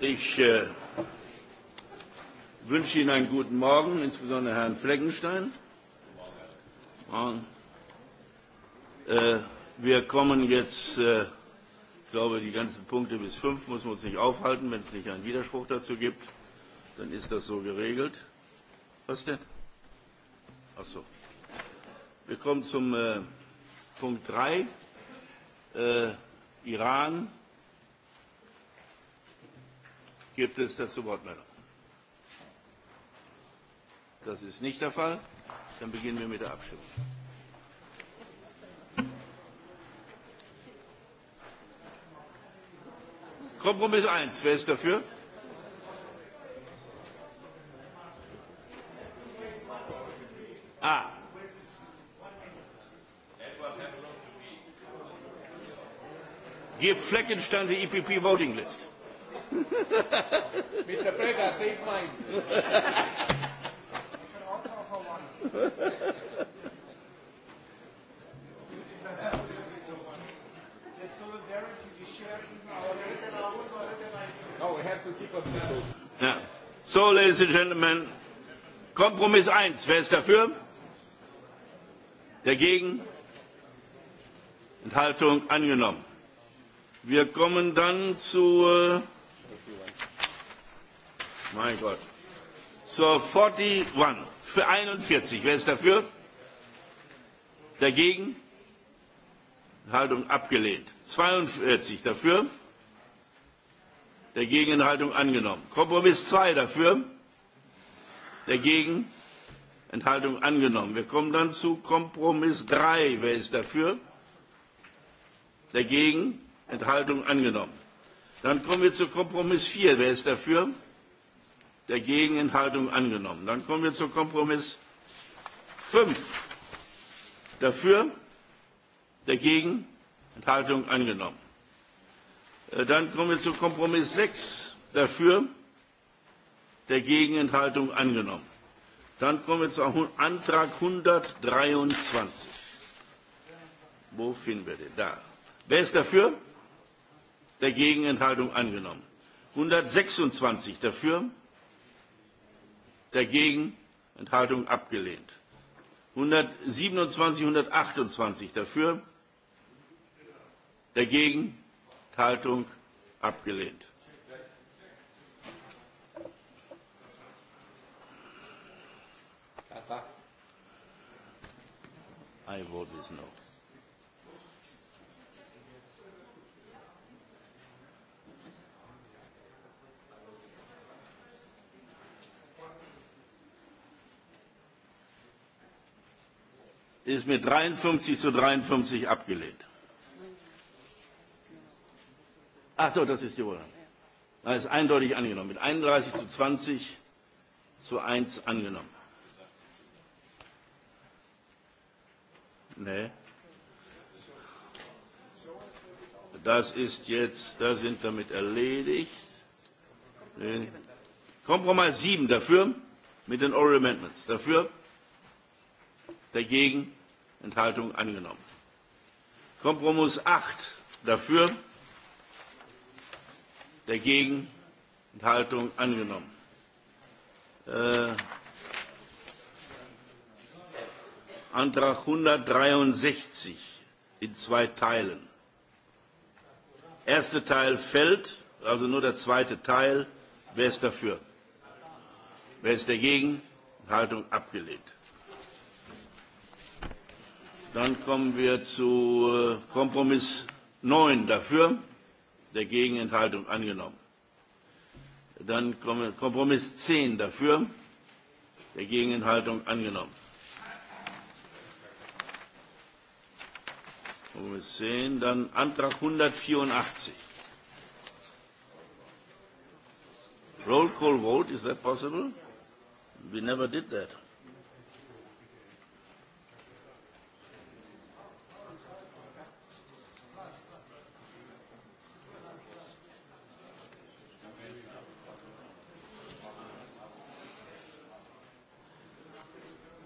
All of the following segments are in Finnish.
Ich äh, wünsche Ihnen einen guten Morgen, insbesondere Herrn Fleckenstein. Und, äh, wir kommen jetzt, äh, ich glaube, die ganzen Punkte bis fünf müssen wir uns nicht aufhalten. Wenn es nicht einen Widerspruch dazu gibt, dann ist das so geregelt. Was denn? Ach so. Wir kommen zum äh, Punkt 3 äh, Iran. Gibt es dazu Wortmeldungen? Das ist nicht der Fall. Dann beginnen wir mit der Abstimmung. Kompromiss 1. Wer ist dafür? Fleckenstein the EPP voting list. Mr. Preda, take mine. No, ja. So, ladies and gentlemen, Kompromiss 1. Wer ist dafür? Dagegen? Enthaltung angenommen. Wir kommen dann zu, äh, mein Gott, zur 41, für 41. Wer ist dafür? Dagegen? Enthaltung abgelehnt. 42 dafür. Dagegen Enthaltung angenommen. Kompromiss 2 dafür. Dagegen Enthaltung angenommen. Wir kommen dann zu Kompromiss 3. Wer ist dafür? Dagegen Enthaltung angenommen. Dann kommen wir zu Kompromiss 4. Wer ist dafür? Dagegen Enthaltung angenommen. Dann kommen wir zu Kompromiss 5. Dafür? Dagegen Enthaltung angenommen. Äh, dann kommen wir zu Kompromiss 6. Dafür? Dagegen Enthaltung angenommen. Dann kommen wir zu Antrag 123. Wo finden wir den? Da. Wer ist dafür? der Enthaltung angenommen. 126 dafür, der Enthaltung abgelehnt. 127, 128 dafür, der Enthaltung abgelehnt. I vote is no. ist mit 53 zu 53 abgelehnt. Ach so, das ist die Ordnung. Da ist eindeutig angenommen. Mit 31 zu 20 zu 1 angenommen. Nee. Das ist jetzt, da sind damit erledigt. Nee. Kompromiss 7 dafür mit den Oral Amendments. Dafür, dagegen, Enthaltung angenommen. Kompromiss 8 dafür, dagegen, Enthaltung angenommen. Äh, Antrag 163 in zwei Teilen. Erster Teil fällt, also nur der zweite Teil. Wer ist dafür? Wer ist dagegen? Enthaltung abgelehnt. Dann kommen wir zu äh, Kompromiss 9 dafür, der Gegenenthaltung angenommen. Dann kommen Kompromiss 10 dafür, der Gegenenthaltung angenommen. Kompromiss 10, dann Antrag 184. Roll call vote, is that possible? We never did that.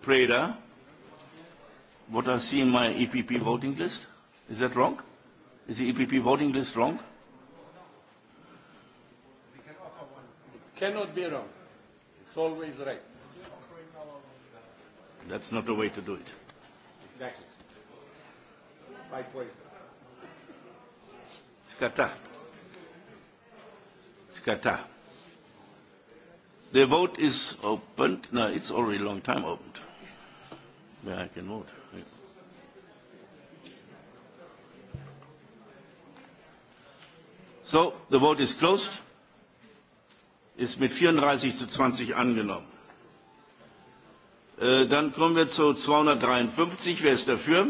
Preda, what I see in my EPP voting list. Is that wrong? Is the EPP voting list wrong? cannot be wrong. It's always right. That's not the way to do it. Exactly. My point. Skata. Skata. The vote is opened. No, it's already a long time opened. Where I So, the vote is closed. Ist mit 34 zu 20 angenommen. Äh, dann kommen wir zu 253. Wer ist dafür?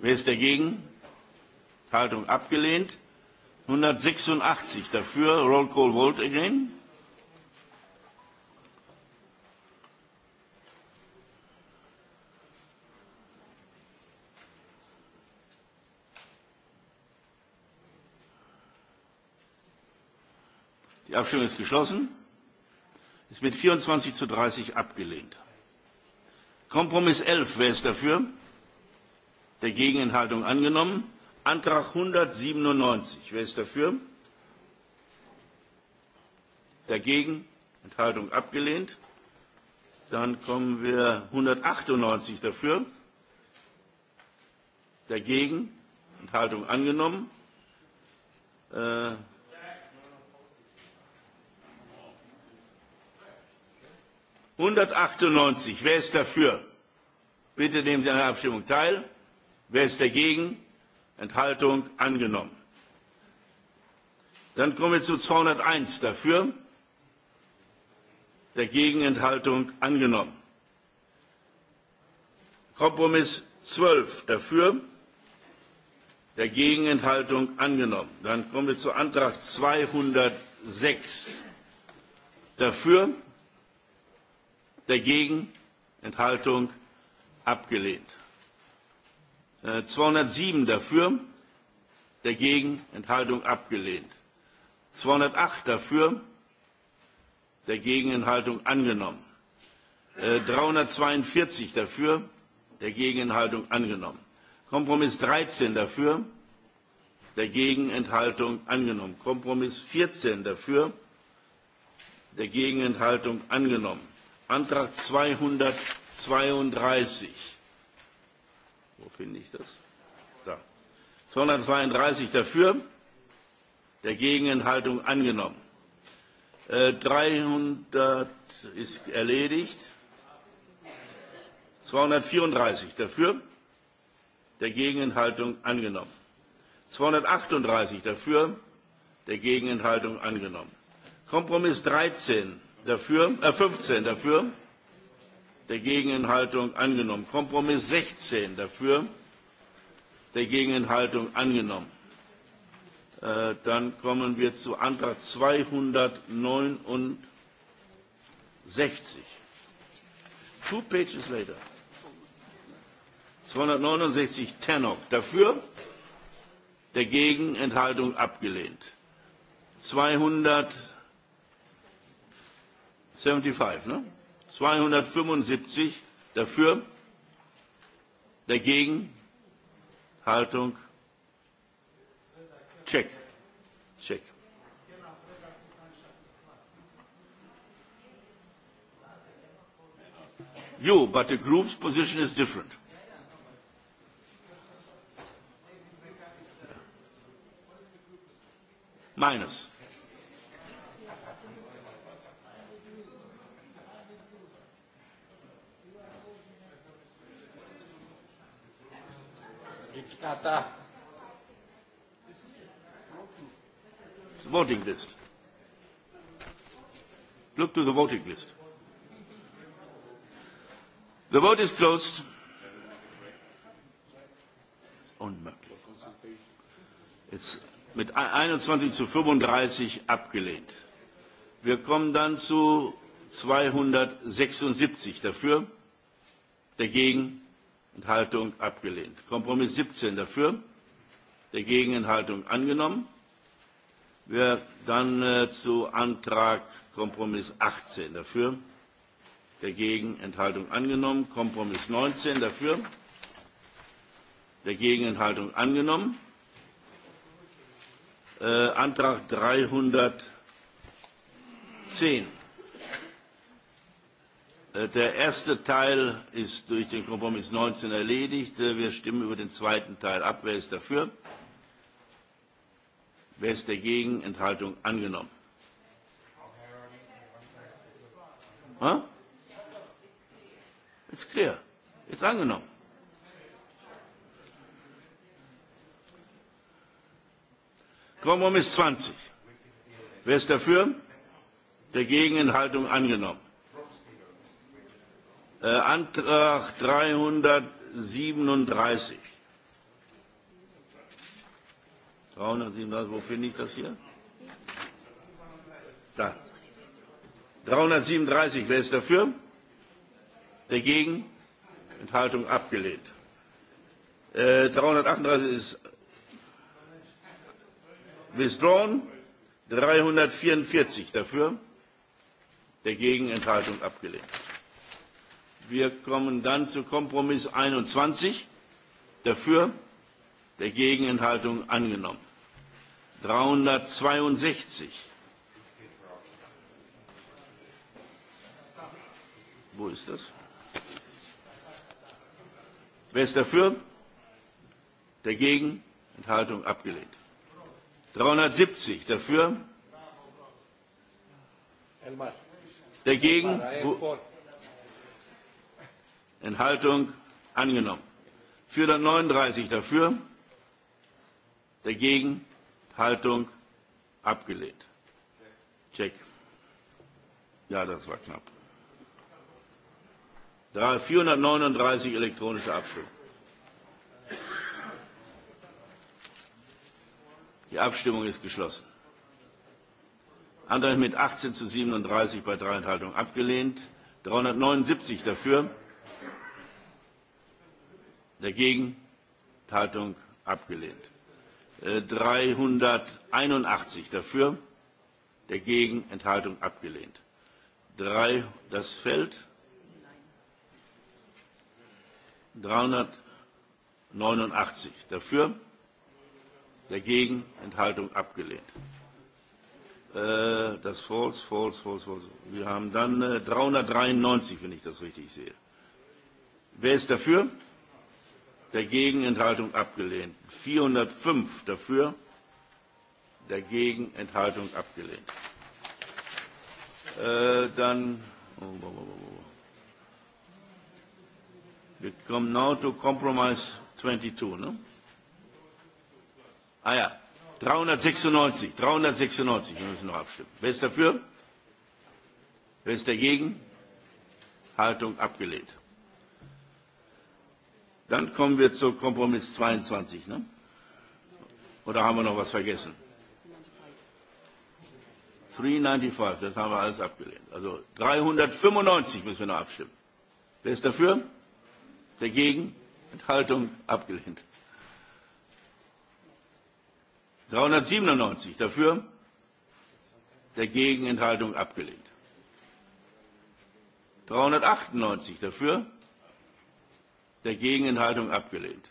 Wer ist dagegen? Haltung abgelehnt. 186 dafür. Roll call vote again. Abstimmung ist geschlossen. Ist mit 24 zu 30 abgelehnt. Kompromiss 11. Wer ist dafür? Der Gegenenthaltung angenommen. Antrag 197. Wer ist dafür? Dagegen? Enthaltung abgelehnt. Dann kommen wir 198 dafür. Dagegen? Enthaltung angenommen. Äh, einhundertachtundneunzig Wer ist dafür? Bitte nehmen Sie an der Abstimmung teil. Wer ist dagegen? Enthaltung angenommen. Dann kommen wir zu zweihunderteins dafür. Dagegen Enthaltung angenommen. Kompromiss zwölf dafür. Dagegen Enthaltung angenommen. Dann kommen wir zu Antrag 206 dafür dagegen, Enthaltung abgelehnt. 207 äh, dafür, dagegen, Enthaltung abgelehnt. 208 dafür, dagegen, Enthaltung angenommen. 342 äh, dafür, dagegen, Enthaltung angenommen. Kompromiss 13 dafür, dagegen, Enthaltung angenommen. Kompromiss 14 dafür, dagegen, Enthaltung angenommen. Antrag 232. Wo finde ich das? Da. 232 dafür, der Gegenenthaltung angenommen. 300 äh, ist erledigt. 234 dafür, der Gegenenthaltung angenommen. 238 dafür, der Gegenenthaltung angenommen. Kompromiss 13 dafür, äh 15 dafür, der Gegenenthaltung angenommen. Kompromiss 16 dafür, der Gegenenthaltung angenommen. Äh, dann kommen wir zu Antrag 269. Two pages later. 269 Tenok dafür, dagegen Enthaltung abgelehnt. 200 75, 275 dafür, dagegen, Haltung, check, check. You, but the group's position is different. Minus. It's the voting list. Look to the voting list. The vote is closed. It's unmöglich. It's mit 21 zu 35 abgelehnt. Wir kommen dann zu 276 dafür, dagegen Enthaltung abgelehnt. Kompromiss 17 dafür, dagegen Enthaltung angenommen. Wir dann äh, zu Antrag Kompromiss 18 dafür, dagegen Enthaltung angenommen. Kompromiss 19 dafür, dagegen Enthaltung angenommen. Äh, Antrag 310 Äh, der erste Teil ist durch den Kompromiss 19 erledigt. Äh, wir stimmen über den zweiten Teil ab. Wer ist dafür? Wer ist dagegen? Enthaltung angenommen. Huh? It's clear. It's angenommen. Kompromiss 20. Wer ist dafür? Dagegen Enthaltung angenommen. Äh, Antrag 337. 337, wo finde ich das hier? Da. 337, wer ist dafür? Dagegen? Enthaltung abgelehnt. Äh, 338 ist withdrawn. 344 dafür. Dagegen Enthaltung abgelehnt. Wir kommen dann zu Kompromiss 21. Dafür, der Gegenenthaltung angenommen. 362. Wo ist das? Wer ist dafür? Dagegen? Enthaltung abgelehnt. 370 dafür? Dagegen? Wo, Enthaltung angenommen. 439 dafür, dagegen Haltung abgelehnt. Check. Ja, das war knapp. 439 elektronische Abstimmung. Die Abstimmung ist geschlossen. Antrag mit 18 zu 37 bei drei Enthaltungen abgelehnt. 379 dafür Dagegen? Enthaltung? Abgelehnt. 381 äh, dafür, dagegen Enthaltung abgelehnt. Drei, das fällt. 389 dafür, dagegen Enthaltung abgelehnt. Äh, das falls, falls, falls, falls. Wir haben dann 393, äh, wenn ich das richtig sehe. Wer ist dafür? dagegen Enthaltung abgelehnt. 405 dafür, dagegen Enthaltung abgelehnt. Äh, dann oh, oh, oh, wir kommen now to Compromise 22, ne? Ah ja, 396, 396, wir müssen noch abstimmen. Wer ist dafür? Wer ist dagegen? Haltung abgelehnt. Dann kommen wir zu Kompromiss 22. Ne? Oder haben wir noch was vergessen? 395, das haben wir alles abgelehnt. Also 395 müssen wir noch abstimmen. Wer ist dafür? Dagegen? Enthaltung? Abgelehnt. 397 dafür? Dagegen? Enthaltung? Abgelehnt. 398 dafür? der Gegenenthaltung abgelehnt.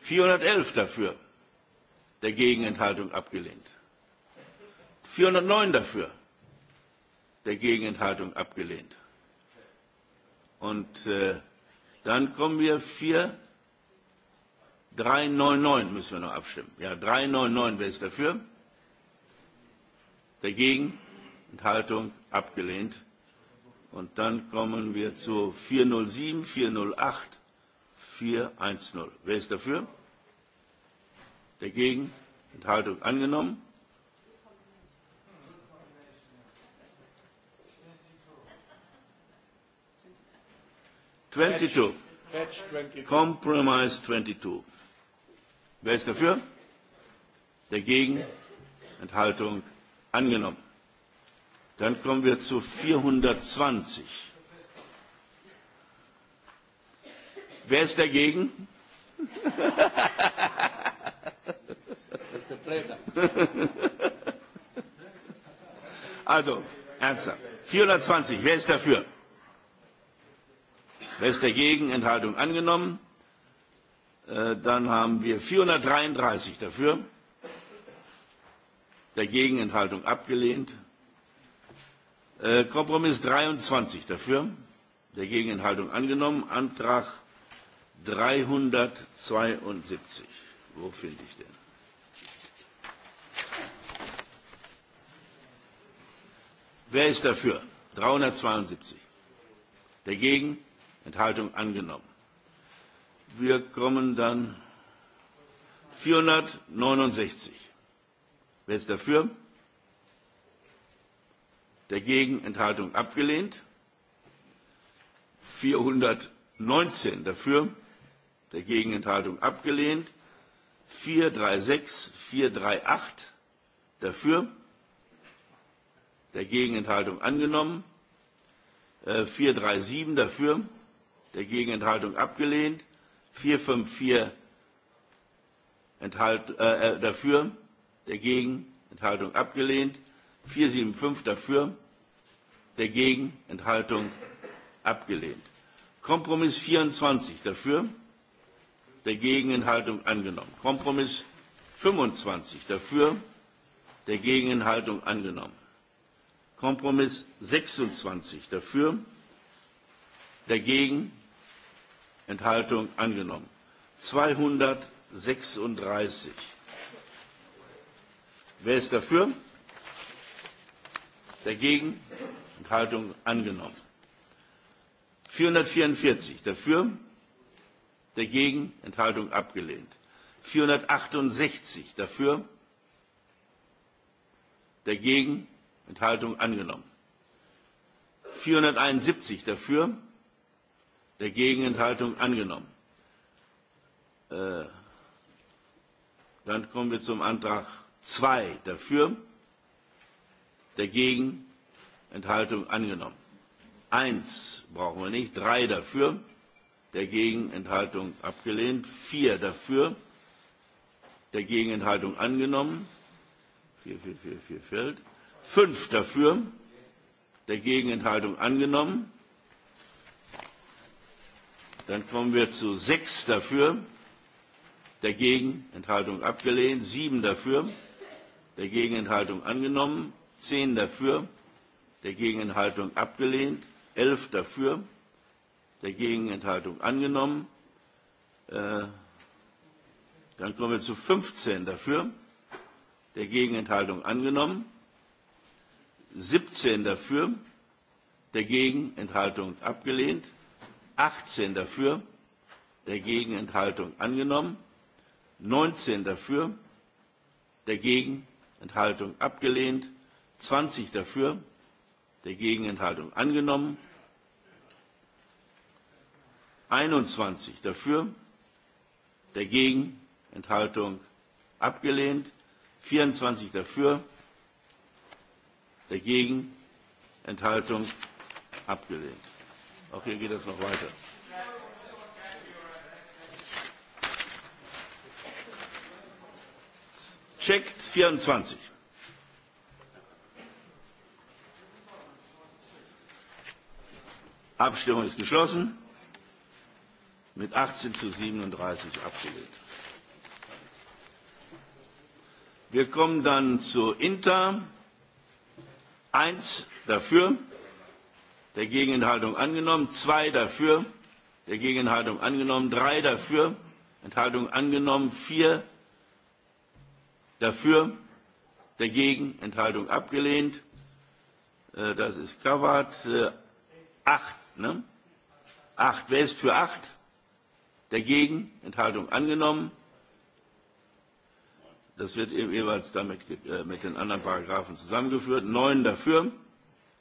411 dafür, der Gegenenthaltung abgelehnt. 409 dafür, der Gegenenthaltung abgelehnt. Und äh, dann kommen wir 4, 399 müssen wir noch abstimmen. Ja, 399, wer ist dafür? Dagegen? Enthaltung abgelehnt. Und dann kommen wir zu 407, 408, 410. Wer ist dafür? Dagegen? Enthaltung angenommen. Twenty two. Compromise twenty two. Wer ist dafür? Dagegen? Enthaltung angenommen. Dann kommen wir zu 420. Wer ist dagegen? also, ernsthaft. 420, wer ist dafür? Wer ist dagegen? Enthaltung angenommen. Äh, dann haben wir 433 dafür. Dagegen Enthaltung abgelehnt. Äh, Kompromiss 23 dafür, der Gegenenthaltung angenommen. Antrag 372. Wo finde ich den? Wer ist dafür? 372. Dagegen? Enthaltung angenommen. Wir kommen dann 469. Wer ist dafür? dagegen Enthaltung abgelehnt. 419 dafür, dagegen Enthaltung abgelehnt. 436, 438 dafür, dagegen Enthaltung angenommen. 437 äh, dafür, dagegen Enthaltung abgelehnt. 454 Enthalt, äh, äh dafür, dagegen Enthaltung abgelehnt. 475 dafür, dagegen, Enthaltung abgelehnt. Kompromiss 24 dafür, dagegen, Enthaltung angenommen. Kompromiss 25 dafür, dagegen, Enthaltung angenommen. Kompromiss 26 dafür, dagegen, Enthaltung angenommen. 236. Wer ist dafür? Dagegen? Enthaltung angenommen. 444 dafür, dagegen, Enthaltung abgelehnt. 468 dafür, dagegen, Enthaltung angenommen. 471 dafür, dagegen, Enthaltung angenommen. Äh, dann kommen wir zum Antrag 2 dafür, dagegen, Enthaltung angenommen. Eins brauchen wir nicht, drei dafür, dagegen Enthaltung abgelehnt, vier dafür, dagegen Enthaltung angenommen, vier, vier, vier, vier fällt, fünf dafür, dagegen Enthaltung angenommen. Dann kommen wir zu sechs dafür, dagegen Enthaltung abgelehnt, sieben dafür, dagegen Enthaltung angenommen, zehn dafür, der Gegenenthaltung abgelehnt, 11 dafür, der Gegenenthaltung angenommen. Äh, dann kommen wir zu 15 dafür, der Gegenenthaltung angenommen, 17 dafür, der Gegenenthaltung abgelehnt, 18 dafür, der Gegenenthaltung angenommen, 19 dafür, der Gegenenthaltung abgelehnt, 20 dafür, der Gegenenthaltung angenommen. 21 dafür, der Gegenenthaltung abgelehnt. 24 dafür, der Gegenenthaltung abgelehnt. Auch hier geht es noch weiter. Check 24. Abstimmung ist geschlossen. Mit 18 zu 37 abgelehnt. Wir kommen dann zu Inter. Eins dafür, der Gegenenthaltung angenommen. Zwei dafür, der Gegenenthaltung angenommen. Drei dafür, Enthaltung angenommen. Vier dafür, dagegen, Enthaltung abgelehnt. Äh, das ist Kawat. Äh, 8. Ne? 8. Wer ist für 8? Dagegen? Enthaltung angenommen? Das wird eben jeweils damit äh, mit den anderen Paragraphen zusammengeführt. 9 dafür?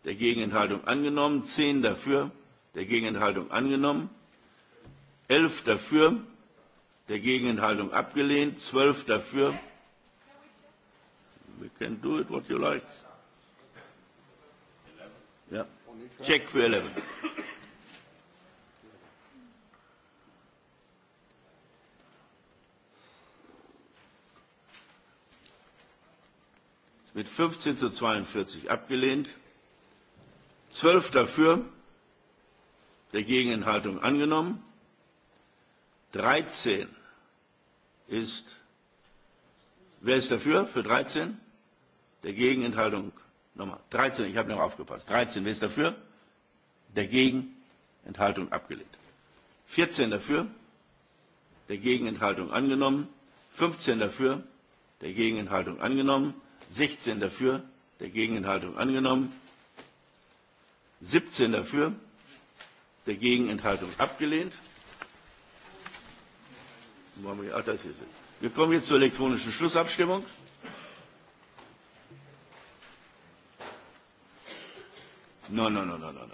Der Gegenenthaltung angenommen. 10 dafür? Der Gegenenthaltung angenommen. 11 dafür? Der Gegenenthaltung abgelehnt. 12 dafür? We can do it what you like. Check for 11. Mit 15 zu 42 abgelehnt. 12 dafür, der Gegenenthaltung angenommen. 13 ist, wer ist dafür für 13? Der Gegenenthaltung Nochmal, 13, ich habe noch aufgepasst. 13, wer ist dafür? Dagegen, Enthaltung abgelehnt. 14 dafür, dagegen, Enthaltung angenommen. 15 dafür, dagegen, Enthaltung angenommen. 16 dafür, dagegen, Enthaltung angenommen. 17 dafür, dagegen, Enthaltung abgelehnt. Wir kommen jetzt zur elektronischen Schlussabstimmung. No, no, no, no, no, no.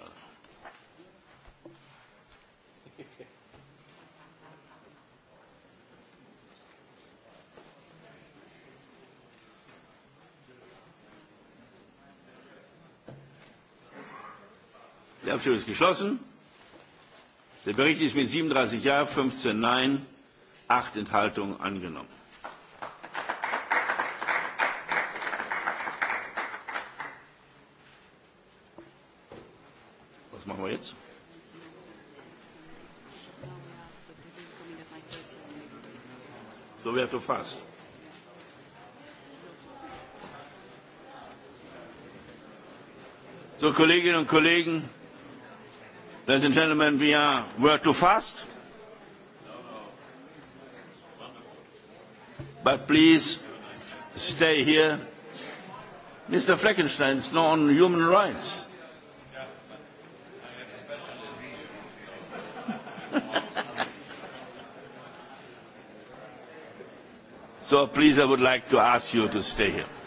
Die Abstimmung ist geschlossen. Der Bericht ist mit 37 Ja, 15 Nein, 8 Enthaltungen angenommen. går So we have to fast. So, Kolleginnen und Kollegen, ladies and gentlemen, we are were too fast. But please stay here. Mr. Fleckenstein, it's not on human rights. So please, I would like to ask you to stay here.